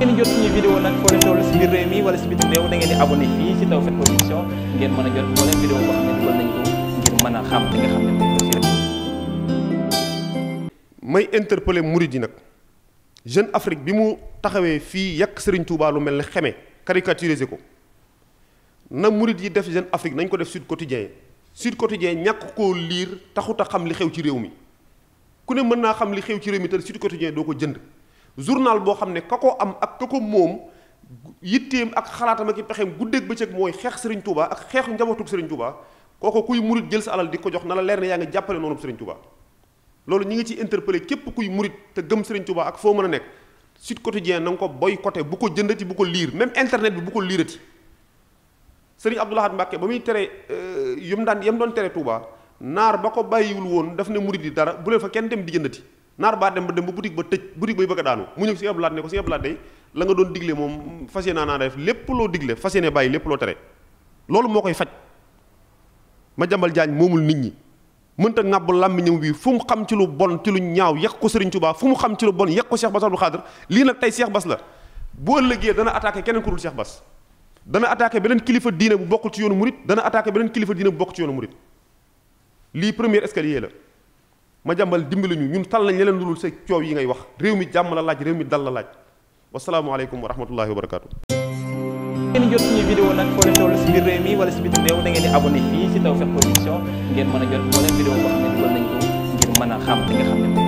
ngeen da ngeen di abonné ngeen mën a jot moo leen vidéo boo may interpeller Mouride yi nag Jeune Afrique bi mu taxawee fii yàq sëriñ Touba lu mel ni xeme caricaturiser ko na Mouride yi def Jeune Afrique nañ ko def Sud Quotidien Sud Quotidien ñàkk ko liir taxut a xam li xew ci réew mi ku ne mën naa xam li xew ci réew mi te Sud Quotidien doo ko jënd. journal boo xam ne ka ko am ak ka ko moom yitteem ak xalaatam ak i pexeem guddeeg bëccëg mooy xeex sëriñ Touba ak xeexu njabootug Serigne Touba kooko kuy murit jël sa alal di ko jox na la leer ne yaa ngi jàppale noonu Serigne Touba loolu ñu ngi ci interpellé képp kuy murit te gëm Serigne Touba ak foo mën a nekk Sud Quotidien na nga ko boycotté bu ko jëndati bu ko liir même internet bi bu ko liirati Serigne Abdou Lahad Mbacké ba muy tere euh, yam daan yam doon tere Touba naar ba ko bàyyiwul woon daf ne murit yi dara bu fa kenn dem di jëndati naar baa dem ba dem ba boutique ba tëj boutique bay bëgg a daanu mu ñëw si ablaat ne ko si ablaat day la nga doon digle moom fas yéene naa def lépp loo digle fas yéene bàyyi lépp loo tere loolu moo koy faj ma jambal jaañ moomul nit ñi mënta ŋàbb làmmiñam wi fu mu xam ci lu bon ci lu ñaaw yàq ko Serigne Touba fu mu xam ci lu bon yàq ko Cheikh Bass Abdou Khadre lii nag tey Cheikh Bass la bu ëllëgee dana attaqué keneen ku dul Cheikh Bass dana attaqué beneen kilifa diine bu bokkul ci yoonu murit dana attaqué beneen kilifa diine bu bokkul ci yoonu murit lii la ma jàmbal dimbali ñu ñun tal nañ leneen lu dul sa coow yi ngay wax réew mi jàmm la laaj réew mi dal la laaj wasalaamualeykum wa rahmatullahi wa barakaatu. ngeen jot suñu vidéo nag foo ngeen di mën a jot moo ngir mën a xam li xam ne